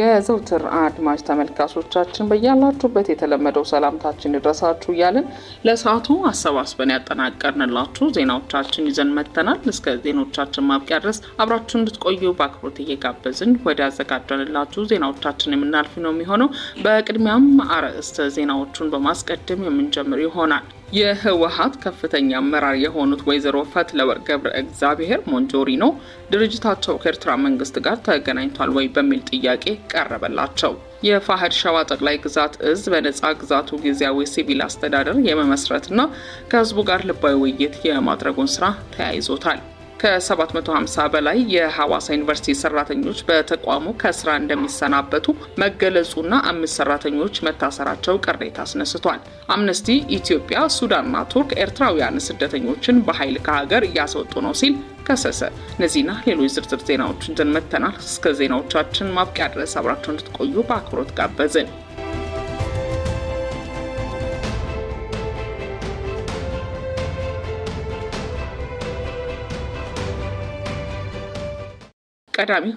የዘውትር አድማጭ ተመልካቾቻችን በያላችሁበት የተለመደው ሰላምታችን ይድረሳችሁ እያልን ለሰዓቱ አሰባስበን ያጠናቀርንላችሁ ዜናዎቻችን ይዘን መጥተናል። እስከ ዜናዎቻችን ማብቂያ ድረስ አብራችሁ እንድትቆዩ በአክብሮት እየጋበዝን ወደ ያዘጋጀንላችሁ ዜናዎቻችን የምናልፍ ነው የሚሆነው። በቅድሚያም አርዕስተ ዜናዎቹን በማስቀደም የምንጀምር ይሆናል። የህወሀት ከፍተኛ አመራር የሆኑት ወይዘሮ ፈትለወርቅ ገብረ እግዚአብሔር ሞንጆሪኖ ድርጅታቸው ከኤርትራ መንግስት ጋር ተገናኝቷል ወይ በሚል ጥያቄ ቀረበላቸው። የፋህድ ሸዋ ጠቅላይ ግዛት እዝ በነጻ ግዛቱ ጊዜያዊ ሲቪል አስተዳደር የመመስረትና ከህዝቡ ጋር ልባዊ ውይይት የማድረጉን ስራ ተያይዞታል። ከ750 በላይ የሐዋሳ ዩኒቨርሲቲ ሰራተኞች በተቋሙ ከስራ እንደሚሰናበቱ መገለጹና አምስት ሰራተኞች መታሰራቸው ቅሬታ አስነስቷል። አምነስቲ ኢትዮጵያ፣ ሱዳንና ቱርክ ኤርትራውያን ስደተኞችን በኃይል ከሀገር እያስወጡ ነው ሲል ከሰሰ። እነዚህና ሌሎች ዝርዝር ዜናዎችን ይዘን መጥተናል። እስከ ዜናዎቻችን ማብቂያ ድረስ አብራቸው እንድትቆዩ በአክብሮት ጋበዝን። ቀዳሚ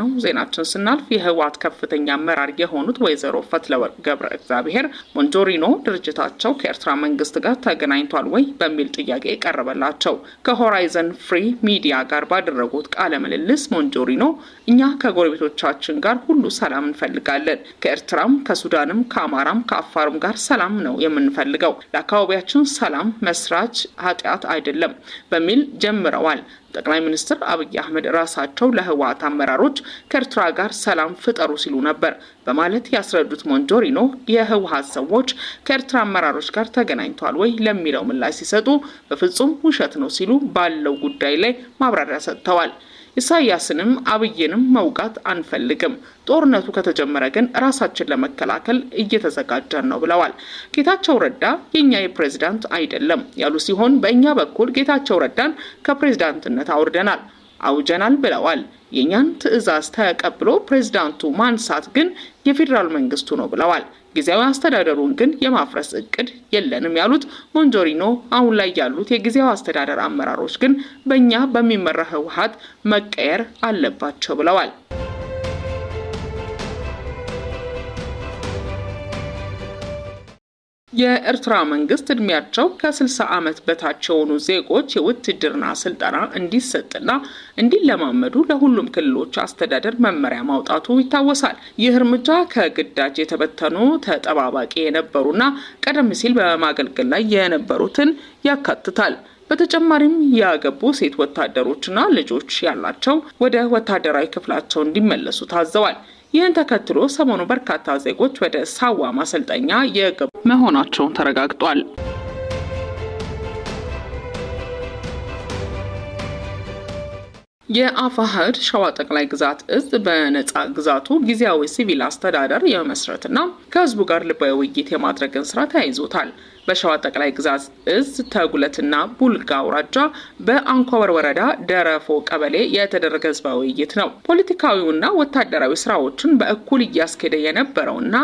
ነው ዜናችን ስናልፍ የህወሓት ከፍተኛ አመራር የሆኑት ወይዘሮ ፈትለወርቅ ገብረ እግዚአብሔር ሞንጆሪኖ ድርጅታቸው ከኤርትራ መንግስት ጋር ተገናኝቷል ወይ በሚል ጥያቄ ቀረበላቸው። ከሆራይዘን ፍሪ ሚዲያ ጋር ባደረጉት ቃለ ምልልስ ሞንጆሪኖ እኛ ከጎረቤቶቻችን ጋር ሁሉ ሰላም እንፈልጋለን። ከኤርትራም፣ ከሱዳንም፣ ከአማራም፣ ከአፋርም ጋር ሰላም ነው የምንፈልገው። ለአካባቢያችን ሰላም መስራች ኃጢአት አይደለም በሚል ጀምረዋል። ጠቅላይ ሚኒስትር አብይ አህመድ ራሳቸው ለህ የህወሓት አመራሮች ከኤርትራ ጋር ሰላም ፍጠሩ ሲሉ ነበር በማለት ያስረዱት ሞንጆሪኖ የህወሓት ሰዎች ከኤርትራ አመራሮች ጋር ተገናኝተዋል ወይ ለሚለው ምላሽ ሲሰጡ በፍጹም ውሸት ነው ሲሉ ባለው ጉዳይ ላይ ማብራሪያ ሰጥተዋል። ኢሳያስንም አብይንም መውጋት አንፈልግም። ጦርነቱ ከተጀመረ ግን ራሳችን ለመከላከል እየተዘጋጀን ነው ብለዋል። ጌታቸው ረዳ የእኛ የፕሬዝዳንት አይደለም ያሉ ሲሆን በእኛ በኩል ጌታቸው ረዳን ከፕሬዝዳንትነት አውርደናል። አውጀናል ብለዋል። የእኛን ትዕዛዝ ተቀብሎ ፕሬዚዳንቱ ማንሳት ግን የፌዴራል መንግስቱ ነው ብለዋል። ጊዜያዊ አስተዳደሩን ግን የማፍረስ እቅድ የለንም ያሉት ሞንጆሪኖ አሁን ላይ ያሉት የጊዜያዊ አስተዳደር አመራሮች ግን በእኛ በሚመራ ህወሀት መቀየር አለባቸው ብለዋል። የኤርትራ መንግስት እድሜያቸው ከ60 ዓመት በታች የሆኑ ዜጎች የውትድርና ስልጠና እንዲሰጥና እንዲለማመዱ ለሁሉም ክልሎች አስተዳደር መመሪያ ማውጣቱ ይታወሳል። ይህ እርምጃ ከግዳጅ የተበተኑ ተጠባባቂ የነበሩና ቀደም ሲል በማገልገል ላይ የነበሩትን ያካትታል። በተጨማሪም ያገቡ ሴት ወታደሮችና ልጆች ያላቸው ወደ ወታደራዊ ክፍላቸው እንዲመለሱ ታዘዋል። ይህን ተከትሎ ሰሞኑ በርካታ ዜጎች ወደ ሳዋ ማሰልጠኛ የገቡ መሆናቸውን ተረጋግጧል። የአፋህድ ሸዋ ጠቅላይ ግዛት እዝ በነጻ ግዛቱ ጊዜያዊ ሲቪል አስተዳደር የመስረትና ከህዝቡ ጋር ልባዊ ውይይት የማድረግን ስራ ተያይዞታል። በሸዋ ጠቅላይ ግዛት እዝ ተጉለትና ቡልጋ አውራጃ በአንኮበር ወረዳ ደረፎ ቀበሌ የተደረገ ህዝባዊ ውይይት ነው። ፖለቲካዊውና ወታደራዊ ስራዎችን በእኩል እያስኬደ የነበረውና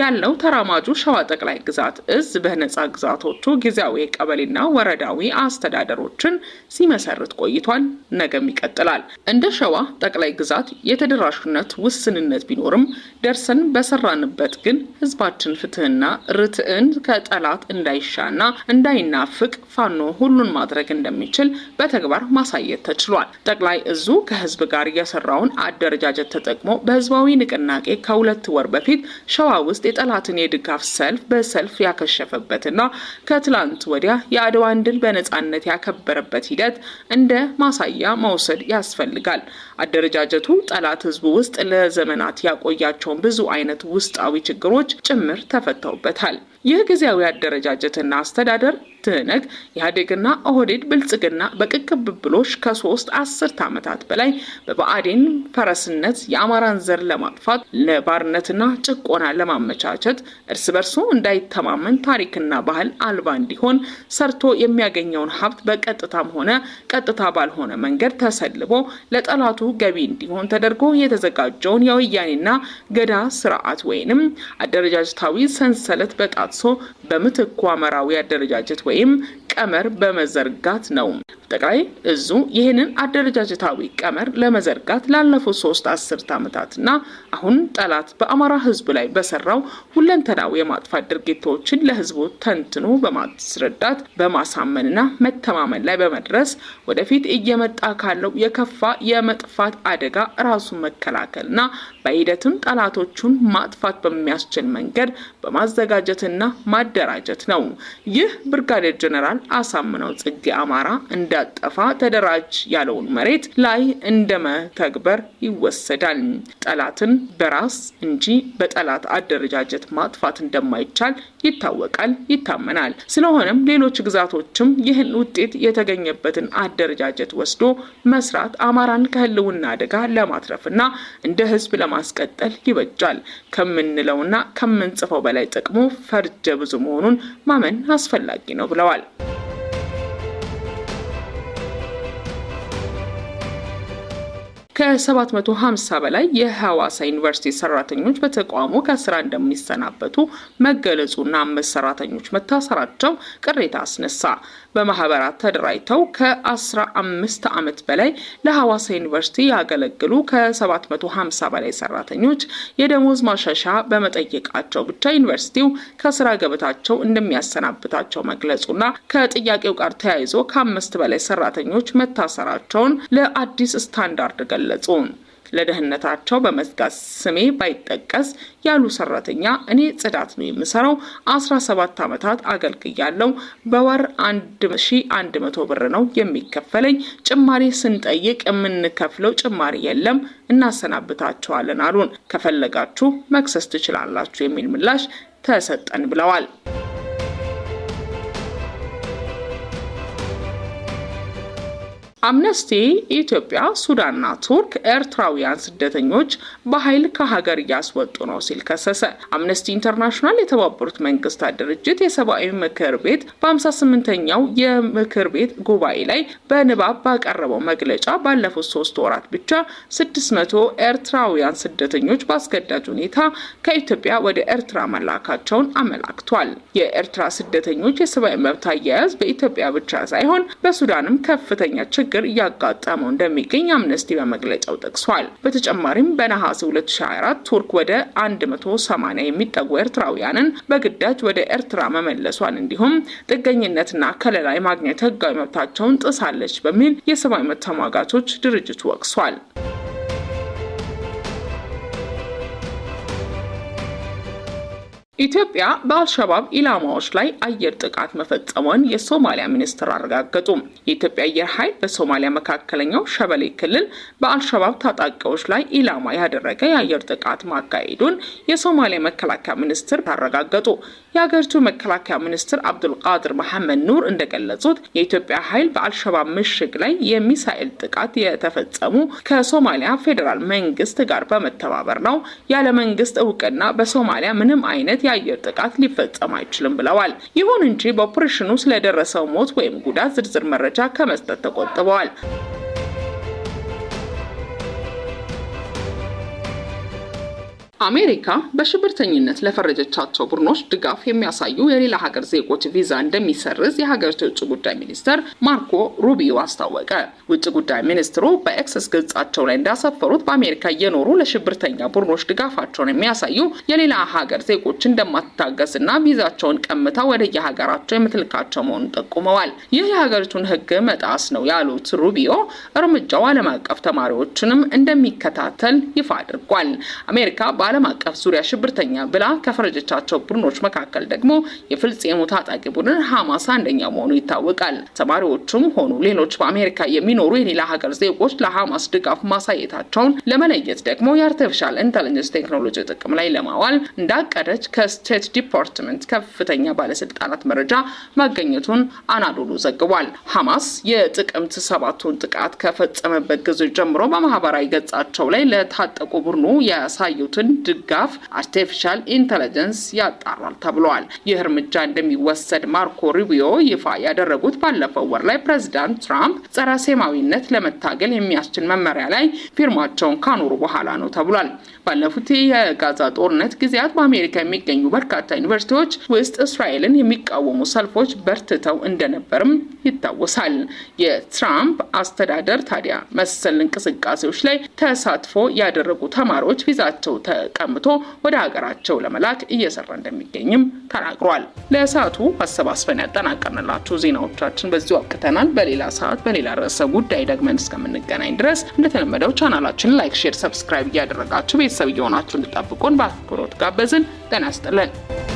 ያለው ተራማጁ ሸዋ ጠቅላይ ግዛት እዝ በነጻ ግዛቶቹ ጊዜያዊ ቀበሌና ወረዳዊ አስተዳደሮችን ሲመሰርት ቆይቷል። ነገም ይቀጥላል። እንደ ሸዋ ጠቅላይ ግዛት የተደራሽነት ውስንነት ቢኖርም ደርሰን በሰራንበት ግን ህዝባችን ፍትህና ርትዕን ከጠላት እንዳይሻና እንዳይናፍቅ ፋኖ ሁሉን ማድረግ እንደሚችል በተግባር ማሳየት ተችሏል። ጠቅላይ እዙ ከህዝብ ጋር የሰራውን አደረጃጀት ተጠቅሞ በህዝባዊ ንቅናቄ ከሁለት ወር በፊት ሸዋ ውስጥ የጠላትን የድጋፍ ሰልፍ በሰልፍ ያከሸፈበትና ከትላንት ወዲያ የአድዋን ድል በነጻነት ያከበረበት ሂደት እንደ ማሳያ መውሰድ ያስፈልጋል። አደረጃጀቱ ጠላት ህዝቡ ውስጥ ለዘመናት ያቆያቸውን ብዙ አይነት ውስጣዊ ችግሮች ጭምር ተፈተውበታል። ይህ ጊዜያዊ አደረጃጀትና አስተዳደር ትህነግ፣ ኢህአዴግና ኦህዴድ ብልጽግና በቅቅብ ብሎች ከሶስት አስርት ዓመታት በላይ በብአዴን ፈረስነት የአማራን ዘር ለማጥፋት ለባርነትና ጭቆና ለማመቻቸት እርስ በርሱ እንዳይተማመን ታሪክና ባህል አልባ እንዲሆን ሰርቶ የሚያገኘውን ሀብት በቀጥታም ሆነ ቀጥታ ባልሆነ መንገድ ተሰልቦ ለጠላቱ ገቢ እንዲሆን ተደርጎ የተዘጋጀውን የወያኔና ገዳ ስርዓት ወይንም አደረጃጀታዊ ሰንሰለት በጣጥሶ በምትኩ አመራዊ አደረጃጀት ወይ ወይም ቀመር በመዘርጋት ነው። ጠቅላይ እዙ ይህንን አደረጃጀታዊ ቀመር ለመዘርጋት ላለፉት ሶስት አስርት ዓመታትና አሁን ጠላት በአማራ ህዝብ ላይ በሰራው ሁለንተናው የማጥፋት ድርጊቶችን ለህዝቡ ተንትኖ በማስረዳት በማሳመንና መተማመን ላይ በመድረስ ወደፊት እየመጣ ካለው የከፋ የመጥፋት አደጋ ራሱን መከላከልና በሂደትም ጠላቶቹን ማጥፋት በሚያስችል መንገድ በማዘጋጀትና ማደራጀት ነው። ይህ ብርጋዴር ጀነራል አሳምነው ጽጌ አማራ እንዳ እንዳጠፋ ተደራጅ ያለውን መሬት ላይ እንደመተግበር ይወሰዳል። ጠላትን በራስ እንጂ በጠላት አደረጃጀት ማጥፋት እንደማይቻል ይታወቃል፣ ይታመናል። ስለሆነም ሌሎች ግዛቶችም ይህን ውጤት የተገኘበትን አደረጃጀት ወስዶ መስራት አማራን ከህልውና አደጋ ለማትረፍና እንደ ህዝብ ለማስቀጠል ይበጃል ከምንለውና ከምንጽፈው በላይ ጥቅሙ ፈርጀ ብዙ መሆኑን ማመን አስፈላጊ ነው ብለዋል። ከ750 በላይ የሐዋሳ ዩኒቨርሲቲ ሰራተኞች በተቋሙ ከስራ እንደሚሰናበቱ መገለጹና አምስት ሰራተኞች መታሰራቸው ቅሬታ አስነሳ። በማህበራት ተደራጅተው ከ15 ዓመት በላይ ለሐዋሳ ዩኒቨርሲቲ ያገለግሉ ከ750 በላይ ሰራተኞች የደሞዝ ማሻሻ በመጠየቃቸው ብቻ ዩኒቨርሲቲው ከስራ ገበታቸው እንደሚያሰናብታቸው መግለጹና ከጥያቄው ጋር ተያይዞ ከአምስት በላይ ሰራተኞች መታሰራቸውን ለአዲስ ስታንዳርድ ገለጹ። ገለጹ። ለደህንነታቸው በመስጋት ስሜ ባይጠቀስ ያሉ ሰራተኛ እኔ ጽዳት ነው የምሰራው፣ 17 ዓመታት አገልግያለው። በወር 1100 ብር ነው የሚከፈለኝ። ጭማሪ ስንጠይቅ የምንከፍለው ጭማሪ የለም፣ እናሰናብታቸዋለን አሉን። ከፈለጋችሁ መክሰስ ትችላላችሁ የሚል ምላሽ ተሰጠን ብለዋል። አምነስቲ ኢትዮጵያ፣ ሱዳንና ቱርክ ኤርትራውያን ስደተኞች በኃይል ከሀገር እያስወጡ ነው ሲል ከሰሰ። አምነስቲ ኢንተርናሽናል የተባበሩት መንግስታት ድርጅት የሰብአዊ ምክር ቤት በ58ኛው የምክር ቤት ጉባኤ ላይ በንባብ ባቀረበው መግለጫ ባለፉት ሶስት ወራት ብቻ 600 ኤርትራውያን ስደተኞች በአስገዳጅ ሁኔታ ከኢትዮጵያ ወደ ኤርትራ መላካቸውን አመላክቷል። የኤርትራ ስደተኞች የሰብአዊ መብት አያያዝ በኢትዮጵያ ብቻ ሳይሆን በሱዳንም ከፍተኛ ችግር ችግር እያጋጠመው እንደሚገኝ አምነስቲ በመግለጫው ጠቅሷል። በተጨማሪም በነሐሴ 2024 ቱርክ ወደ 180 የሚጠጉ ኤርትራውያንን በግዳጅ ወደ ኤርትራ መመለሷን እንዲሁም ጥገኝነትና ከለላ የማግኘት ህጋዊ መብታቸውን ጥሳለች በሚል የሰብአዊ መብት ተሟጋቾች ድርጅቱ ወቅሷል። ኢትዮጵያ በአልሸባብ ኢላማዎች ላይ አየር ጥቃት መፈጸሟን የሶማሊያ ሚኒስትር አረጋገጡ። የኢትዮጵያ አየር ኃይል በሶማሊያ መካከለኛው ሸበሌ ክልል በአልሸባብ ታጣቂዎች ላይ ኢላማ ያደረገ የአየር ጥቃት ማካሄዱን የሶማሊያ መከላከያ ሚኒስትር አረጋገጡ። የሀገሪቱ መከላከያ ሚኒስትር አብዱልቃድር መሐመድ ኑር እንደገለጹት የኢትዮጵያ ኃይል በአልሸባብ ምሽግ ላይ የሚሳኤል ጥቃት የተፈጸሙ ከሶማሊያ ፌዴራል መንግስት ጋር በመተባበር ነው። ያለ መንግስት እውቅና በሶማሊያ ምንም አይነት የአየር ጥቃት ሊፈጸም አይችልም ብለዋል። ይሁን እንጂ በኦፕሬሽኑ ስለደረሰው ሞት ወይም ጉዳት ዝርዝር መረጃ ከመስጠት ተቆጥበዋል። አሜሪካ በሽብርተኝነት ለፈረጀቻቸው ቡድኖች ድጋፍ የሚያሳዩ የሌላ ሀገር ዜጎች ቪዛ እንደሚሰርዝ የሀገሪቱ የውጭ ጉዳይ ሚኒስትር ማርኮ ሩቢዮ አስታወቀ። ውጭ ጉዳይ ሚኒስትሩ በኤክሰስ ገጻቸው ላይ እንዳሰፈሩት በአሜሪካ እየኖሩ ለሽብርተኛ ቡድኖች ድጋፋቸውን የሚያሳዩ የሌላ ሀገር ዜጎች እንደማትታገስና ቪዛቸውን ቀምታ ወደ የሀገራቸው የምትልካቸው መሆኑን ጠቁመዋል። ይህ የሀገሪቱን ሕግ መጣስ ነው ያሉት ሩቢዮ እርምጃው ዓለም አቀፍ ተማሪዎችንም እንደሚከታተል ይፋ አድርጓል። አሜሪካ በዓለም አቀፍ ዙሪያ ሽብርተኛ ብላ ከፈረጀቻቸው ቡድኖች መካከል ደግሞ የፍልስጤሙ ታጣቂ ቡድን ሐማስ አንደኛው መሆኑ ይታወቃል። ተማሪዎቹም ሆኑ ሌሎች በአሜሪካ የሚኖሩ የሌላ ሀገር ዜጎች ለሐማስ ድጋፍ ማሳየታቸውን ለመለየት ደግሞ የአርቲፊሻል ኢንተለጀንስ ቴክኖሎጂ ጥቅም ላይ ለማዋል እንዳቀደች ከስቴት ዲፓርትመንት ከፍተኛ ባለስልጣናት መረጃ ማገኘቱን አናዶሉ ዘግቧል። ሐማስ የጥቅምት ሰባቱን ጥቃት ከፈጸመበት ጊዜ ጀምሮ በማህበራዊ ገጻቸው ላይ ለታጠቁ ቡድኑ ያሳዩትን ድጋፍ አርቲፊሻል ኢንተለጀንስ ያጣራል ተብሏል። ይህ እርምጃ እንደሚወሰድ ማርኮ ሩቢዮ ይፋ ያደረጉት ባለፈው ወር ላይ ፕሬዚዳንት ትራምፕ ጸረ ሴማዊነት ለመታገል የሚያስችል መመሪያ ላይ ፊርማቸውን ካኖሩ በኋላ ነው ተብሏል። ባለፉት የጋዛ ጦርነት ጊዜያት በአሜሪካ የሚገኙ በርካታ ዩኒቨርሲቲዎች ውስጥ እስራኤልን የሚቃወሙ ሰልፎች በርትተው እንደነበርም ይታወሳል። የትራምፕ አስተዳደር ታዲያ መሰል እንቅስቃሴዎች ላይ ተሳትፎ ያደረጉ ተማሪዎች ቪዛቸው ተቀምቶ ወደ ሀገራቸው ለመላክ እየሰራ እንደሚገኝም ተናግሯል። ለሰዓቱ አሰባስበን ያጠናቀንላችሁ ዜናዎቻችን በዚሁ አብቅተናል። በሌላ ሰዓት በሌላ ርዕሰ ጉዳይ ደግመን እስከምንገናኝ ድረስ እንደተለመደው ቻናላችን ላይክ፣ ሼር፣ ሰብስክራይብ እያደረጋችሁ ቤተሰብ እየሆናችሁ እንድጠብቁን በአክብሮት ጋበዝን። ጤና ይስጥልን።